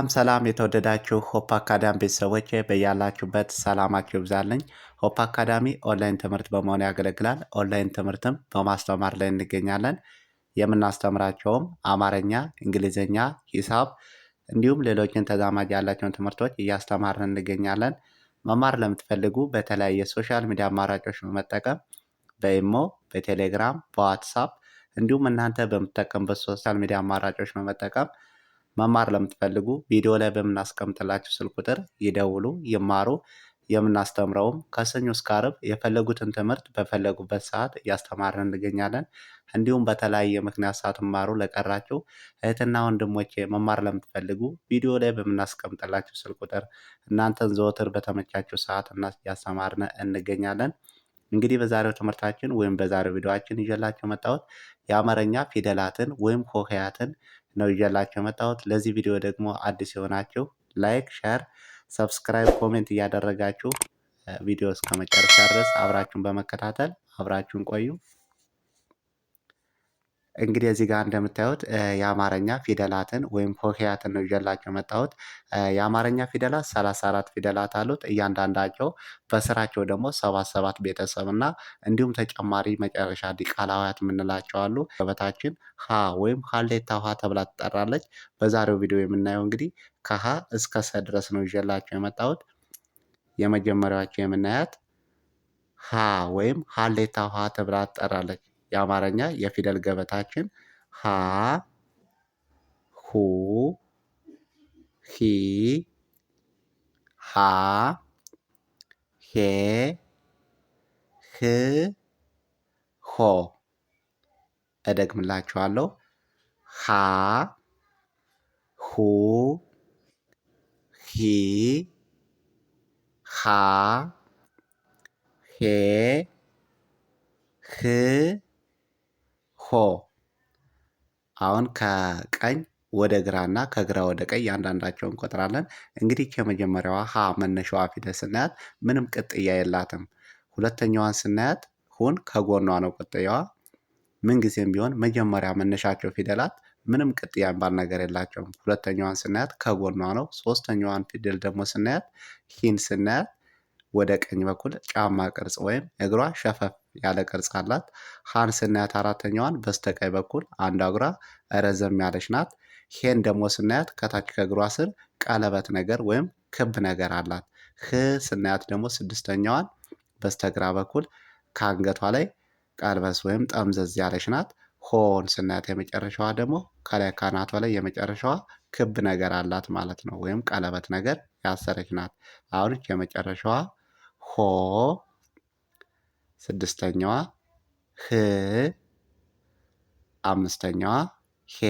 ሰላም ሰላም የተወደዳችሁ ሆፕ አካዳሚ ቤተሰቦች በያላችሁበት ሰላማችሁ ይብዛልኝ። ሆፕ አካዳሚ ኦንላይን ትምህርት በመሆን ያገለግላል። ኦንላይን ትምህርትም በማስተማር ላይ እንገኛለን። የምናስተምራቸውም አማርኛ፣ እንግሊዝኛ፣ ሂሳብ እንዲሁም ሌሎችን ተዛማጅ ያላቸውን ትምህርቶች እያስተማርን እንገኛለን። መማር ለምትፈልጉ በተለያየ ሶሻል ሚዲያ አማራጮች በመጠቀም በኢሞ፣ በቴሌግራም፣ በዋትሳፕ እንዲሁም እናንተ በምትጠቀምበት ሶሻል ሚዲያ አማራጮች በመጠቀም መማር ለምትፈልጉ ቪዲዮ ላይ በምናስቀምጥላችሁ ስልክ ቁጥር ይደውሉ፣ ይማሩ። የምናስተምረውም ከሰኞ እስከ ዓርብ የፈለጉትን ትምህርት በፈለጉበት ሰዓት እያስተማርን እንገኛለን። እንዲሁም በተለያየ ምክንያት ሳትማሩ ለቀራችሁ እህትና ወንድሞቼ መማር ለምትፈልጉ ቪዲዮ ላይ በምናስቀምጥላችሁ ስልክ ቁጥር እናንተን ዘወትር በተመቻችሁ ሰዓት እያስተማርን እንገኛለን። እንግዲህ በዛሬው ትምህርታችን ወይም በዛሬው ቪዲዮችን ይዤላችሁ መጣሁት የአማርኛ ፊደላትን ወይም ሆሄያትን ነው እያላቸው የመጣሁት። ለዚህ ቪዲዮ ደግሞ አዲስ የሆናችሁ ላይክ፣ ሸር፣ ሰብስክራይብ፣ ኮሜንት እያደረጋችሁ ቪዲዮ እስከ መጨረሻ ድረስ አብራችሁን በመከታተል አብራችሁን ቆዩ። እንግዲህ እዚህ ጋር እንደምታዩት የአማርኛ ፊደላትን ወይም ሆሄያትን ነው ይዤላቸው መጣሁት። የአማርኛ ፊደላት ሰላሳ አራት ፊደላት አሉት። እያንዳንዳቸው በስራቸው ደግሞ ሰባት ሰባት ቤተሰብ እና እንዲሁም ተጨማሪ መጨረሻ ዲቃላውያት የምንላቸው አሉ። ገበታችን ሀ ወይም ሀሌታ ውሃ ተብላ ትጠራለች። በዛሬው ቪዲዮ የምናየው እንግዲህ ከሀ እስከ ሰ ድረስ ነው ይዤላቸው የመጣሁት። የመጀመሪያቸው የምናያት ሀ ወይም ሀሌታ ውሃ ተብላ ትጠራለች። የአማርኛ የፊደል ገበታችን ሀ ሁ ሂ ሃ ሄ ህ ሆ። እደግምላችኋለሁ። ሀ ሁ ሂ ሃ ሄ ህ ሆ አሁን ከቀኝ ወደ ግራና ከግራ ወደ ቀኝ እያንዳንዳቸው እንቆጥራለን። እንግዲህ ከመጀመሪያዋ ሀ መነሻዋ ፊደል ስናያት ምንም ቅጥያ የላትም። ሁለተኛዋን ስናያት ሁን ከጎኗ ነው ቅጥያዋ። ምንጊዜም ቢሆን መጀመሪያ መነሻቸው ፊደላት ምንም ቅጥያ የሚባል ነገር የላቸውም። ሁለተኛዋን ስናያት ከጎኗ ነው። ሶስተኛዋን ፊደል ደግሞ ስናያት ሂን ስናያት ወደ ቀኝ በኩል ጫማ ቅርጽ ወይም እግሯ ሸፈፍ ያለ ቅርጽ አላት። ሀን ስናያት አራተኛዋን በስተቀኝ በኩል አንዷ እግሯ ረዘም ያለች ናት። ሄን ደግሞ ስናያት ከታች ከእግሯ ስር ቀለበት ነገር ወይም ክብ ነገር አላት። ህ ስናያት ደግሞ ስድስተኛዋን በስተግራ በኩል ከአንገቷ ላይ ቀልበስ ወይም ጠምዘዝ ያለች ናት። ሆን ስናያት የመጨረሻዋ ደግሞ ከላይ ካናቷ ላይ የመጨረሻዋ ክብ ነገር አላት ማለት ነው፣ ወይም ቀለበት ነገር ያሰረች ናት። አሁን የመጨረሻዋ ሆ ስድስተኛዋ ህ አምስተኛዋ ሄ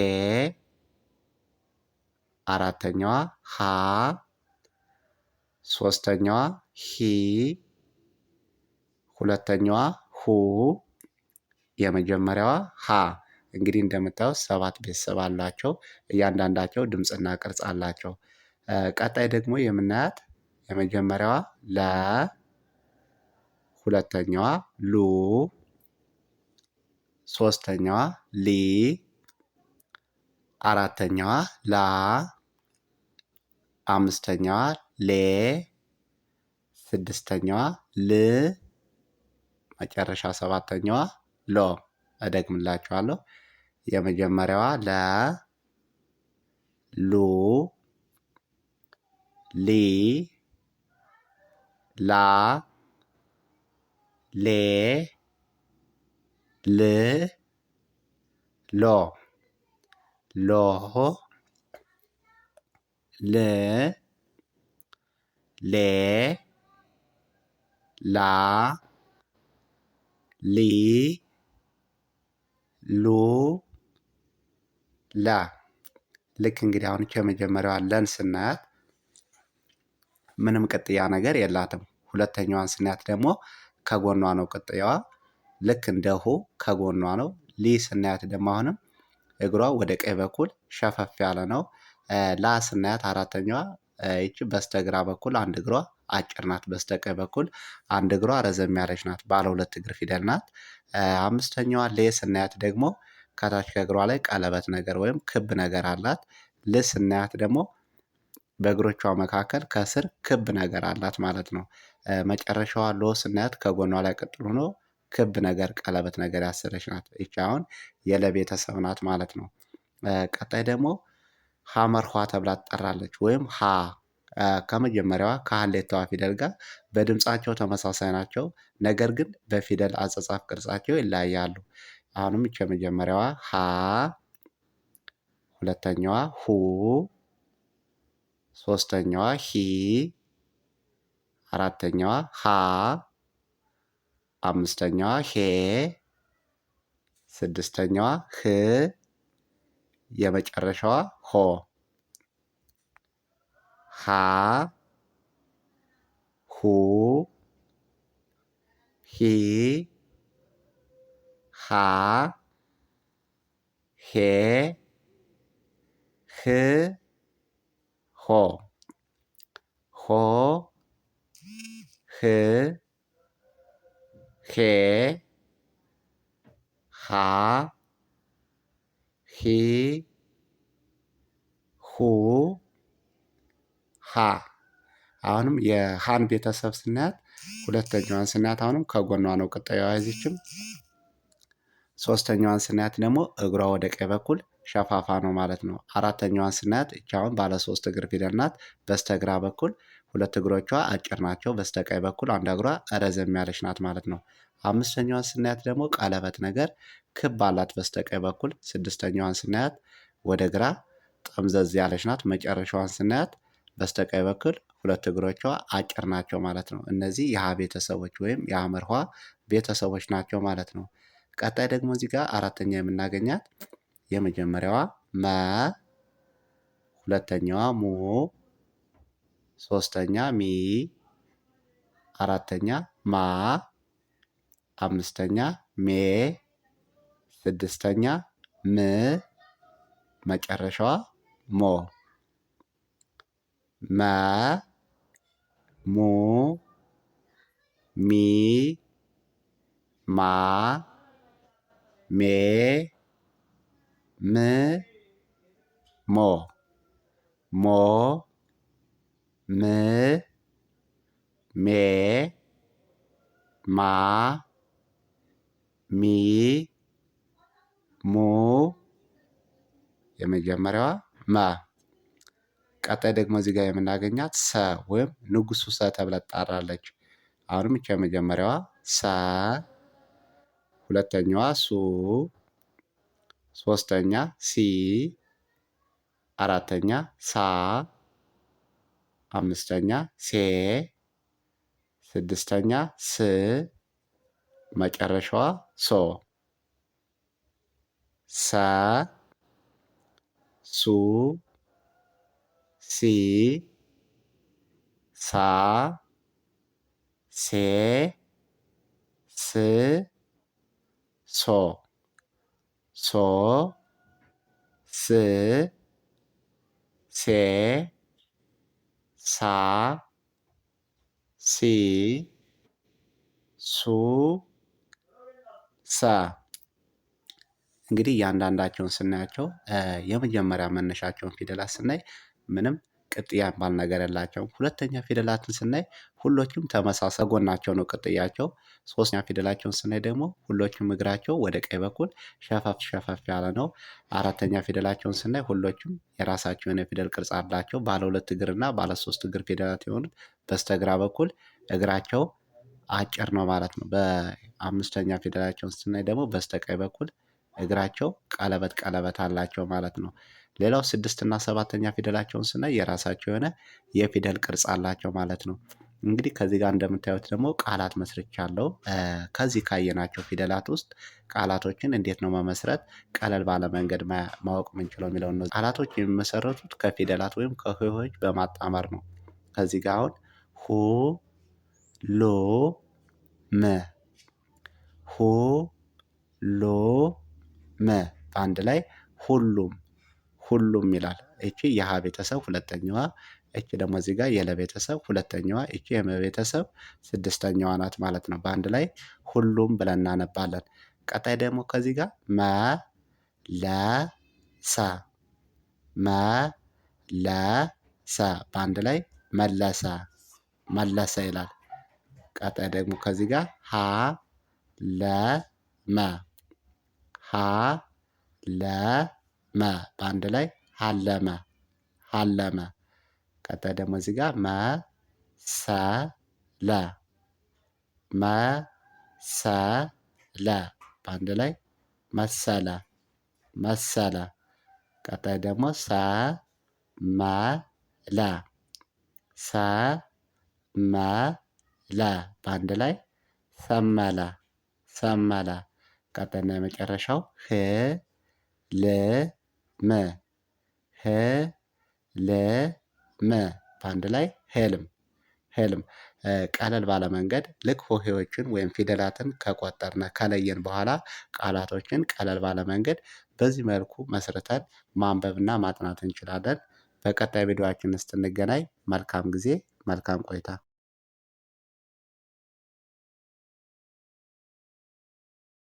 አራተኛዋ ሀ ሶስተኛዋ ሂ ሁለተኛዋ ሁ የመጀመሪያዋ ሀ። እንግዲህ እንደምታዩት ሰባት ቤተሰብ አላቸው እያንዳንዳቸው ድምፅና ቅርጽ አላቸው። ቀጣይ ደግሞ የምናያት የመጀመሪያዋ ለ ሁለተኛዋ ሉ፣ ሶስተኛዋ ሊ፣ አራተኛዋ ላ፣ አምስተኛዋ ሌ፣ ስድስተኛዋ ል፣ መጨረሻ ሰባተኛዋ ሎ። እደግምላችኋለሁ። የመጀመሪያዋ ለ፣ ሉ፣ ሊ፣ ላ ሌ ል ሎ ሎ ል ሌ ላ ሊ ሉ ላ ልክ እንግዲህ አሁን የመጀመሪያዋን ለን ስናያት ምንም ቅጥያ ነገር የላትም። ሁለተኛዋን ስናያት ደግሞ ከጎኗ ነው ቅጥያዋ። ልክ እንደ ሁ ከጎኗ ነው። ሊ ስናያት ደግሞ አሁንም እግሯ ወደ ቀኝ በኩል ሸፈፍ ያለ ነው። ላ ስናያት አራተኛዋ ይቺ በስተግራ በኩል አንድ እግሯ አጭር ናት። በስተቀኝ በኩል አንድ እግሯ ረዘም ያለች ናት። ባለ ሁለት እግር ፊደል ናት። አምስተኛዋ ሌ ስናያት ደግሞ ከታች ከእግሯ ላይ ቀለበት ነገር ወይም ክብ ነገር አላት። ል ስናያት ደግሞ በእግሮቿ መካከል ከስር ክብ ነገር አላት ማለት ነው። መጨረሻዋ ሎ ስናያት ከጎኗ ላይ ቅጥል ሆኖ ክብ ነገር ቀለበት ነገር ያሰረች ናት። ይቺ አሁን ናት ማለት ነው። ቀጣይ ደግሞ ሀመርኋ ተብላ ትጠራለች። ወይም ሀ ከመጀመሪያዋ ከሀሌታዋ ፊደል ጋር በድምፃቸው ተመሳሳይ ናቸው። ነገር ግን በፊደል አጸጻፍ ቅርጻቸው ይለያያሉ። አሁንም ይቺ የመጀመሪያዋ ሀ፣ ሁለተኛዋ ሁ፣ ሶስተኛዋ ሂ አራተኛዋ ሀ አምስተኛዋ ሄ ስድስተኛዋ ህ የመጨረሻዋ ሆ ሀ ሁ ሂ ሃ ሄ ህ ሆ ሆ ህ ሄ ሃ ሂ ሁ ሃ አሁንም የሃን ቤተሰብ ስናያት ሁለተኛዋን ስናያት አሁንም ከጎኗ ነው ቅጣዩ አይዝችም። ሶስተኛዋን ስናያት ደግሞ እግሯ ወደ ቀኝ በኩል ሸፋፋ ነው ማለት ነው። አራተኛዋን ስናያት እቻውን ባለ ሶስት እግር ፊደል ናት። በስተግራ በኩል ሁለት እግሮቿ አጭር ናቸው። በስተቀኝ በኩል አንድ እግሯ ረዘም ያለች ናት ማለት ነው። አምስተኛዋን ስናያት ደግሞ ቀለበት ነገር ክብ አላት በስተቀኝ በኩል። ስድስተኛዋን ስናያት ወደ ግራ ጠምዘዝ ያለች ናት። መጨረሻዋን ስናያት በስተቀኝ በኩል ሁለት እግሮቿ አጭር ናቸው ማለት ነው። እነዚህ የሀ ቤተሰቦች ወይም የአመርኋ ቤተሰቦች ናቸው ማለት ነው። ቀጣይ ደግሞ እዚህ ጋር አራተኛ የምናገኛት የመጀመሪያዋ መ፣ ሁለተኛዋ ሙ ሶስተኛ ሚ፣ አራተኛ ማ፣ አምስተኛ ሜ፣ ስድስተኛ ም፣ መጨረሻዋ ሞ። መ፣ ሙ፣ ሚ፣ ማ፣ ሜ፣ ም፣ ሞ ሞ ም ሜ ማ ሚ ሙ የመጀመሪያዋ መ ቀጣይ ደግሞ እዚህ ጋር የምናገኛት ሰ ወይም ንጉሱ ሰ ተብላ ትጣራለች። አሁንም ብቻ የመጀመሪያዋ ሰ፣ ሁለተኛዋ ሱ፣ ሶስተኛ ሲ፣ አራተኛ ሳ አምስተኛ ሴ ስድስተኛ ስ መጨረሻዋ ሶ ሰ ሱ ሲ ሳ ሴ ስ ሶ ሶ ስ ሴ ሳ ሲ ሱ ሰ እንግዲህ እያንዳንዳቸውን ስናያቸው የመጀመሪያ መነሻቸውን ፊደላት ስናይ ምንም ቅጥያ የሚባል ነገር የላቸውም። ሁለተኛ ፊደላትን ስናይ ሁሎችም ተመሳሳይ ጎናቸው ነው ቅጥያቸው። ሶስተኛ ፊደላቸውን ስናይ ደግሞ ሁሎችም እግራቸው ወደ ቀኝ በኩል ሸፈፍ ሸፈፍ ያለ ነው። አራተኛ ፊደላቸውን ስናይ ሁሎችም የራሳቸው የሆነ ፊደል ቅርጽ አላቸው። ባለ ሁለት እግር እና ባለ ሶስት እግር ፊደላት የሆኑት በስተግራ በኩል እግራቸው አጭር ነው ማለት ነው። በአምስተኛ ፊደላቸውን ስናይ ደግሞ በስተቀኝ በኩል እግራቸው ቀለበት ቀለበት አላቸው ማለት ነው። ሌላው ስድስት እና ሰባተኛ ፊደላቸውን ስናይ የራሳቸው የሆነ የፊደል ቅርጽ አላቸው ማለት ነው። እንግዲህ ከዚህ ጋር እንደምታዩት ደግሞ ቃላት አለው ከዚህ ካየናቸው ፊደላት ውስጥ ቃላቶችን እንዴት ነው መመስረት ቀለል ባለ መንገድ ማወቅ ምንችለው የሚለው ነው። ቃላቶች የሚመሰረቱት ከፊደላት ወይም ከህዎች በማጣመር ነው። ከዚህ ጋር አሁን ሁ ሎ መ ሁ ሎ መ በአንድ ላይ ሁሉም ሁሉም ይላል። እቺ የሀ ቤተሰብ ሁለተኛዋ እቺ ደግሞ እዚህ ጋር የለ ቤተሰብ ሁለተኛዋ እቺ የመ ቤተሰብ ስድስተኛዋ ናት ማለት ነው። በአንድ ላይ ሁሉም ብለን እናነባለን። ቀጣይ ደግሞ ከዚህ ጋር መ ለ ሰ መ ለ ሰ በአንድ ላይ መለሰ መለሰ ይላል። ቀጣይ ደግሞ ከዚህ ጋር ሀ ለ መ ሀ ለ መ በአንድ ላይ አለመ አለመ። ቀጣይ ደግሞ እዚህ ጋር መሰለ መሰለ በአንድ ላይ መሰለ መሰለ። ቀጣይ ደግሞ ሰመለ ሰመለ በአንድ ላይ ሰመለ ሰመለ። ቀጣይና የመጨረሻው ህል መ ሄ ለ መ በአንድ ላይ ሄልም ሄልም ቀለል ባለ መንገድ ልክ ሆሄዎችን ወይም ፊደላትን ከቆጠርና ከለየን በኋላ ቃላቶችን ቀለል ባለ መንገድ በዚህ መልኩ መስርተን ማንበብና ማጥናት እንችላለን። በቀጣይ ቪዲዮችን እስክንገናኝ መልካም ጊዜ መልካም ቆይታ